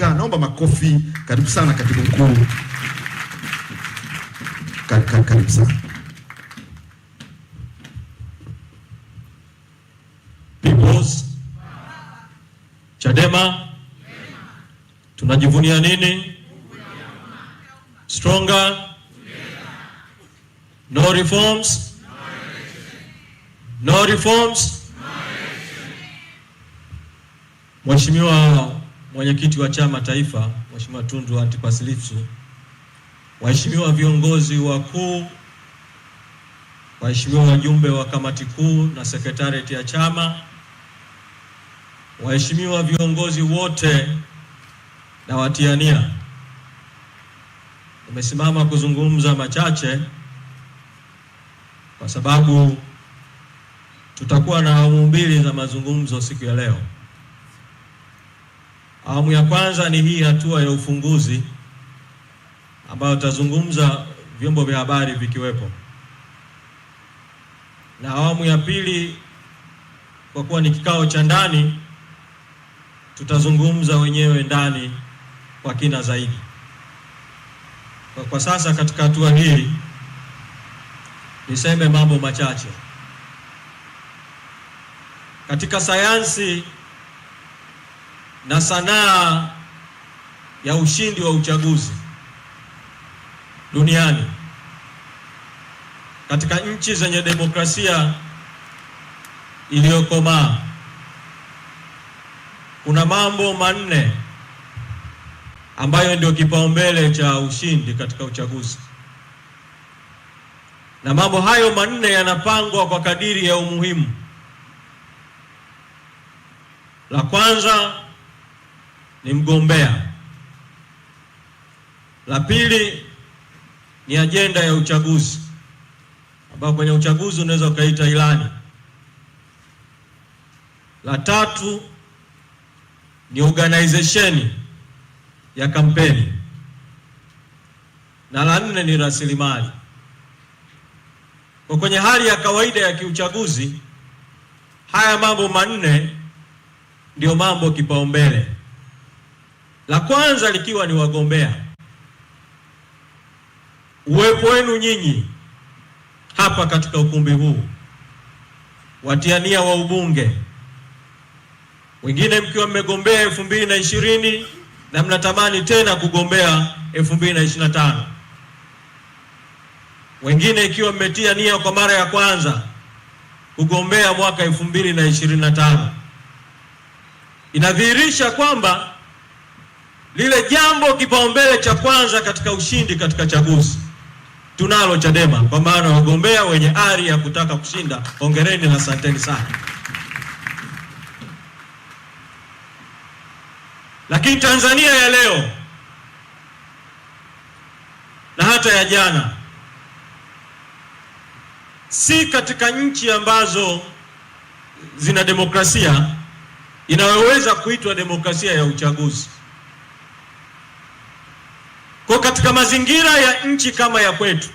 kukamilika. Naomba makofi. Karibu sana katibu mkuu, karibu sana. People's Chadema tunajivunia nini? Stronger, no reforms, no reforms. Mheshimiwa mwenyekiti wa chama taifa Mheshimiwa Tundu Antipas Lissu, waheshimiwa viongozi wakuu, waheshimiwa wajumbe wa kamati kuu na sekretarieti ya chama, waheshimiwa viongozi wote na watiania, nimesimama kuzungumza machache kwa sababu tutakuwa na awamu mbili za mazungumzo siku ya leo. Awamu ya kwanza ni hii hatua ya ufunguzi ambayo tutazungumza vyombo vya habari vikiwepo, na awamu ya pili, kwa kuwa ni kikao cha ndani, tutazungumza wenyewe ndani kwa kina zaidi. Kwa, kwa sasa katika hatua hii niseme mambo machache katika sayansi na sanaa ya ushindi wa uchaguzi duniani. Katika nchi zenye demokrasia iliyokomaa kuna mambo manne ambayo ndio kipaumbele cha ushindi katika uchaguzi, na mambo hayo manne yanapangwa kwa kadiri ya umuhimu. La kwanza ni mgombea. La pili ni ajenda ya uchaguzi, ambao kwenye uchaguzi unaweza ukaita ilani. La tatu ni organization ya kampeni, na la nne ni rasilimali. Kwa kwenye hali ya kawaida ya kiuchaguzi, haya mambo manne ndio mambo kipaumbele. La kwanza likiwa ni wagombea, uwepo wenu nyinyi hapa katika ukumbi huu, watiania wa ubunge, wengine mkiwa mmegombea elfu mbili na ishirini na mnatamani tena kugombea elfu mbili na ishirini na tano wengine ikiwa mmetia nia kwa mara ya kwanza kugombea mwaka elfu mbili na ishirini na tano inadhihirisha kwamba lile jambo kipaumbele cha kwanza katika ushindi katika chaguzi tunalo Chadema, kwa maana wagombea wenye ari ya kutaka kushinda, hongereni na asanteni sana. Lakini Tanzania ya leo na hata ya jana si katika nchi ambazo zina demokrasia inayoweza kuitwa demokrasia ya uchaguzi. Kwa katika mazingira ya nchi kama ya kwetu,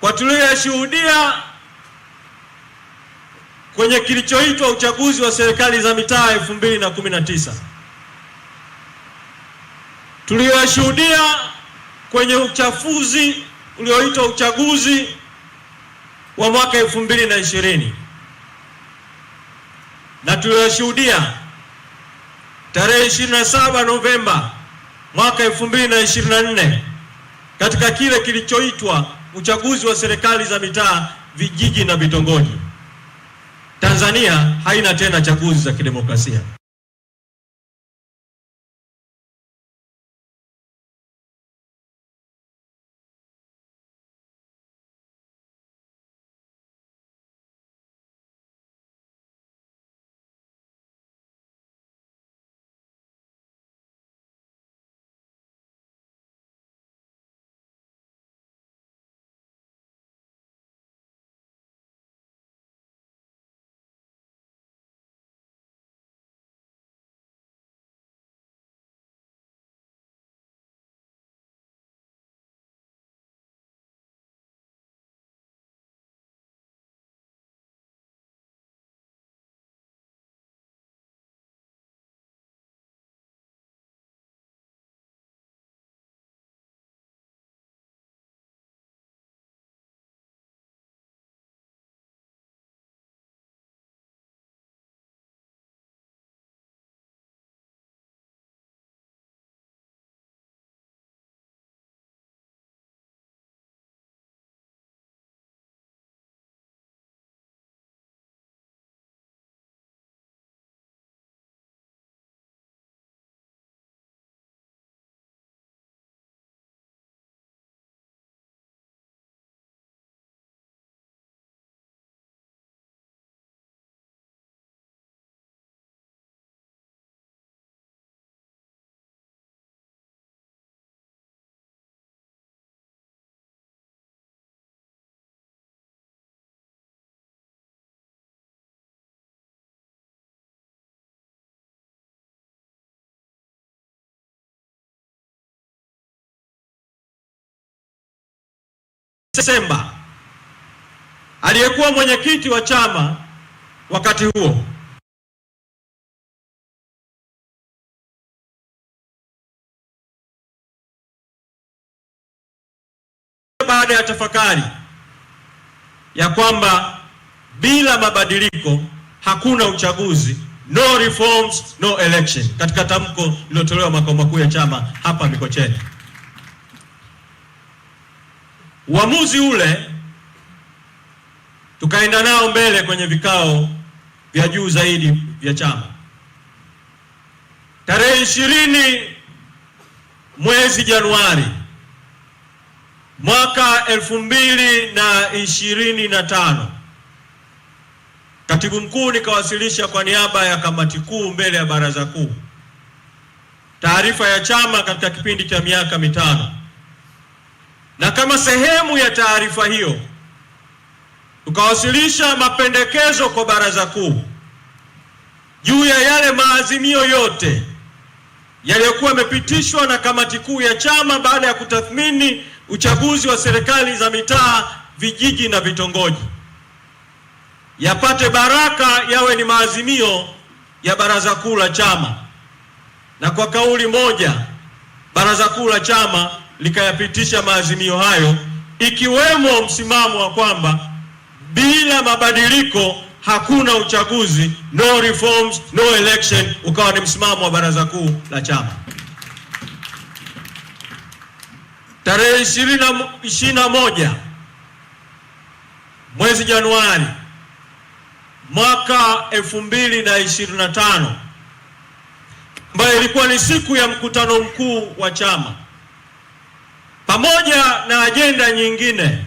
kwa tuliyoyashuhudia kwenye kilichoitwa uchaguzi wa serikali za mitaa elfu na tisa, tuliyoyashuhudia kwenye uchafuzi ulioitwa uchaguzi wa mwaka elfu mbili na ishirini na tuliyoyashuhudia tarehe 27 Novemba mwaka 2024 katika kile kilichoitwa uchaguzi wa serikali za mitaa, vijiji na vitongoji. Tanzania haina tena chaguzi za kidemokrasia. Semba aliyekuwa mwenyekiti wa chama wakati huo baada ya tafakari ya kwamba bila mabadiliko hakuna uchaguzi, no reforms, no election, katika tamko lililotolewa makao makuu ya chama hapa Mikocheni. Uamuzi ule tukaenda nao mbele kwenye vikao vya juu zaidi vya chama. Tarehe ishirini mwezi Januari mwaka elfu mbili na ishirini na tano katibu mkuu nikawasilisha kwa niaba ya kamati kuu mbele ya baraza kuu taarifa ya chama katika kipindi cha miaka mitano na kama sehemu ya taarifa hiyo tukawasilisha mapendekezo kwa Baraza Kuu juu ya yale maazimio yote yaliyokuwa yamepitishwa na kamati kuu ya chama baada ya kutathmini uchaguzi wa serikali za mitaa, vijiji na vitongoji, yapate baraka, yawe ni maazimio ya Baraza Kuu la chama, na kwa kauli moja Baraza Kuu la chama likayapitisha maazimio hayo, ikiwemo msimamo wa kwamba bila mabadiliko hakuna uchaguzi, no reforms, no election, ukawa ni msimamo wa baraza kuu la chama. Tarehe 21 mwezi Januari mwaka 2025 ambayo ilikuwa ni siku ya mkutano mkuu wa chama pamoja na ajenda nyingine.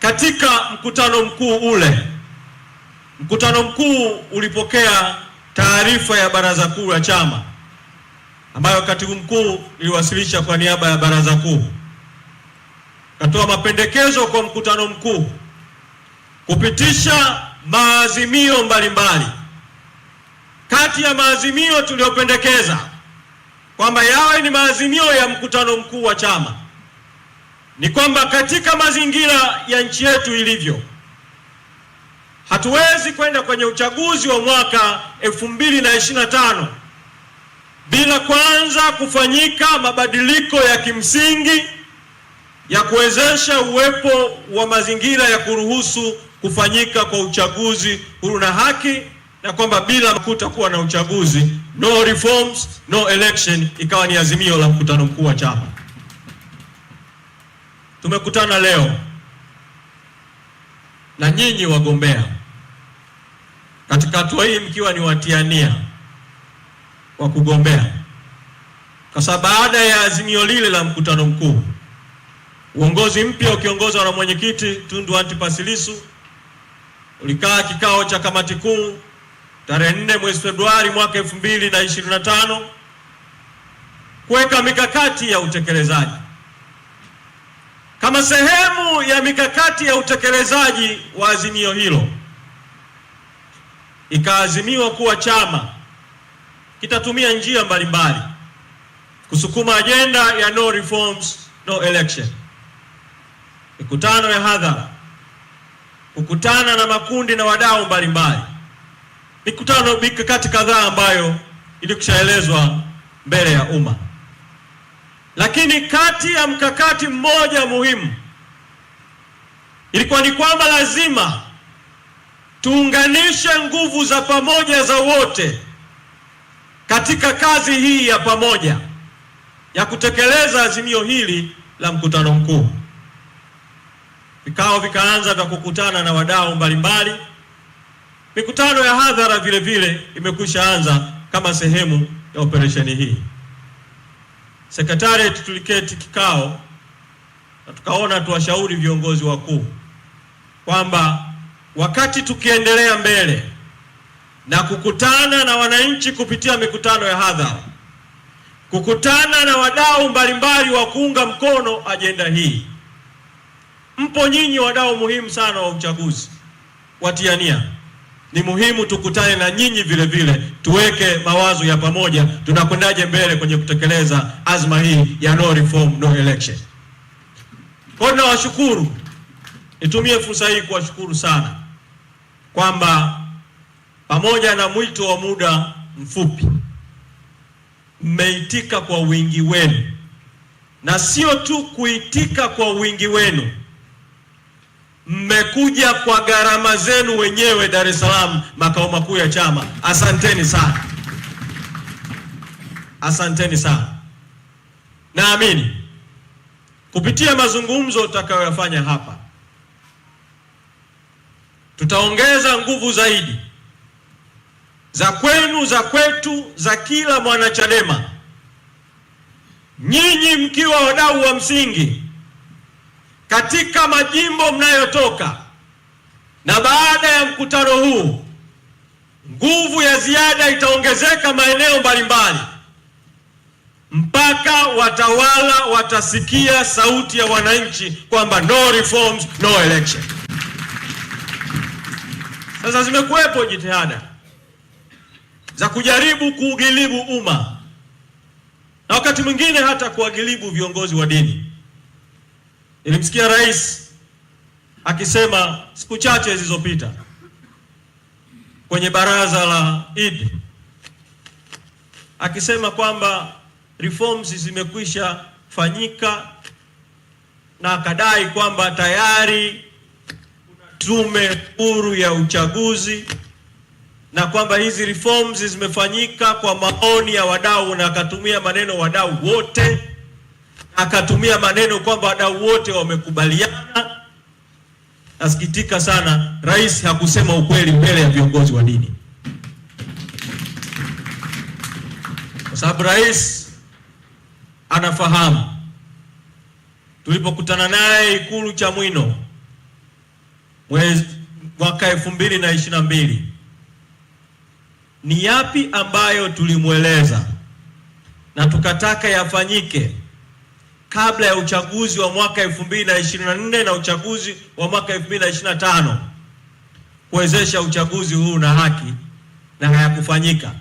Katika mkutano mkuu ule, mkutano mkuu ulipokea taarifa ya baraza kuu la chama ambayo katibu mkuu iliwasilisha kwa niaba ya baraza kuu. Katoa mapendekezo kwa mkutano mkuu kupitisha maazimio mbalimbali. Kati ya maazimio tuliyopendekeza kwamba yawe ni maazimio ya mkutano mkuu wa chama ni kwamba katika mazingira ya nchi yetu ilivyo, hatuwezi kwenda kwenye uchaguzi wa mwaka 2025 bila kwanza kufanyika mabadiliko ya kimsingi ya kuwezesha uwepo wa mazingira ya kuruhusu kufanyika kwa uchaguzi huru na haki ya kwamba bila kutakuwa na uchaguzi, no reforms, no election, ikawa ni azimio la mkutano mkuu wa chama. Tumekutana leo na nyinyi wagombea katika hatua hii, mkiwa ni watiania wa kugombea, kwa sababu baada ya azimio lile la mkutano mkuu, uongozi mpya ukiongozwa na mwenyekiti Tundu Antipas Lissu ulikaa kikao cha kamati kuu tarehe 4 mwezi Februari mwaka 2025 kuweka mikakati ya utekelezaji. Kama sehemu ya mikakati ya utekelezaji wa azimio hilo, ikaazimiwa kuwa chama kitatumia njia mbalimbali kusukuma ajenda ya no reforms no election, mikutano ya hadhara, kukutana na makundi na wadau mbalimbali mikutano mikakati kadhaa ambayo ilikushaelezwa mbele ya umma, lakini kati ya mkakati mmoja muhimu ilikuwa ni kwamba lazima tuunganishe nguvu za pamoja za wote katika kazi hii ya pamoja ya kutekeleza azimio hili la mkutano mkuu. Vikao vikaanza vya kukutana na wadau mbalimbali Mikutano ya hadhara vile vile imekwisha anza kama sehemu ya operesheni hii. Sekretarieti tuliketi kikao na tukaona tuwashauri viongozi wakuu kwamba wakati tukiendelea mbele na kukutana na wananchi kupitia mikutano ya hadhara, kukutana na wadau mbalimbali wa kuunga mkono ajenda hii, mpo nyinyi wadau muhimu sana wa uchaguzi watiania ni muhimu tukutane na nyinyi vile vile, tuweke mawazo ya pamoja, tunakwendaje mbele kwenye kutekeleza azma hii ya no reform no election. Kwa hiyo nawashukuru, nitumie fursa hii kuwashukuru sana kwamba pamoja na mwito wa muda mfupi mmeitika kwa wingi wenu, na sio tu kuitika kwa wingi wenu mmekuja kwa gharama zenu wenyewe Dar es Salaam, makao makuu ya chama. Asanteni sana, asanteni sana. Naamini kupitia mazungumzo tutakayoyafanya hapa tutaongeza nguvu zaidi za kwenu za kwetu za kila mwanachadema, nyinyi mkiwa wadau wa msingi katika majimbo mnayotoka, na baada ya mkutano huu nguvu ya ziada itaongezeka maeneo mbalimbali mpaka watawala watasikia sauti ya wananchi kwamba no reforms, no election. Sasa zimekuwepo jitihada za kujaribu kuugilibu umma na wakati mwingine hata kuwagilibu viongozi wa dini. Nilimsikia rais akisema siku chache zilizopita kwenye baraza la Eid akisema kwamba reforms zimekwisha fanyika na akadai kwamba tayari kuna tume huru ya uchaguzi na kwamba hizi reforms zimefanyika kwa maoni ya wadau, na akatumia maneno wadau wote akatumia maneno kwamba wadau wote wamekubaliana. Nasikitika sana, rais hakusema ukweli mbele ya viongozi wa dini, kwa sababu rais anafahamu. Tulipokutana naye Ikulu Chamwino mwezi mwaka elfu mbili na ishirini na mbili, ni yapi ambayo tulimweleza na tukataka yafanyike kabla ya uchaguzi wa mwaka 2024 na uchaguzi wa mwaka 2025 kuwezesha uchaguzi huu na haki na hayakufanyika,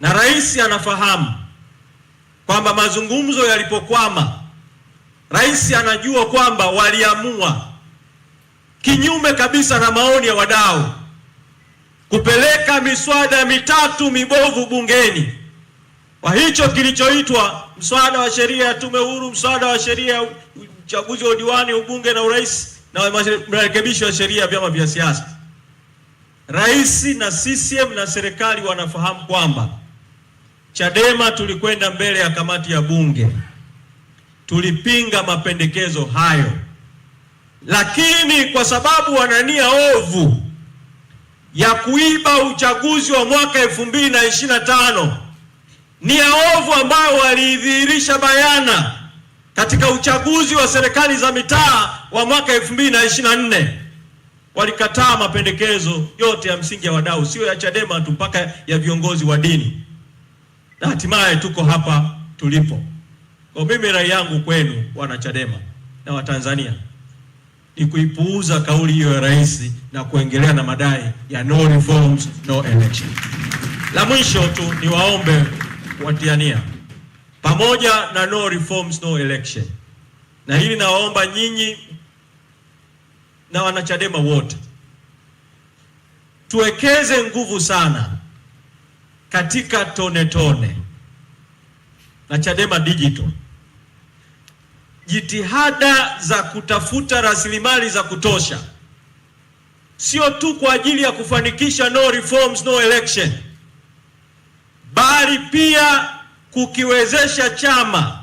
na rais anafahamu kwamba mazungumzo yalipokwama, rais anajua kwamba waliamua kinyume kabisa na maoni ya wadau kupeleka miswada mitatu mibovu bungeni kwa hicho kilichoitwa mswada wa sheria ya tume huru, mswada wa sheria ya uchaguzi wa udiwani, ubunge na urais na marekebisho ya sheria ya vyama vya siasa, rais na CCM na serikali wanafahamu kwamba Chadema tulikwenda mbele ya kamati ya bunge, tulipinga mapendekezo hayo, lakini kwa sababu wana nia ovu ya kuiba uchaguzi wa mwaka elfu mbili na ishirini na tano ni ya ovu ambayo waliidhihirisha bayana katika uchaguzi wa serikali za mitaa wa mwaka 2024. Walikataa mapendekezo yote ya msingi ya wadau, sio ya Chadema tu, mpaka ya viongozi wa dini, na hatimaye tuko hapa tulipo. Kwa mimi rai yangu kwenu wana Chadema na Watanzania ni kuipuuza kauli hiyo ya rais na kuendelea na madai ya no reforms, no election. La mwisho tu niwaombe watia nia pamoja na no reforms no election. Na hili nawaomba nyinyi na wanachadema wote tuwekeze nguvu sana katika tone tone na Chadema Digital, jitihada za kutafuta rasilimali za kutosha, sio tu kwa ajili ya kufanikisha no reforms no election bali pia kukiwezesha chama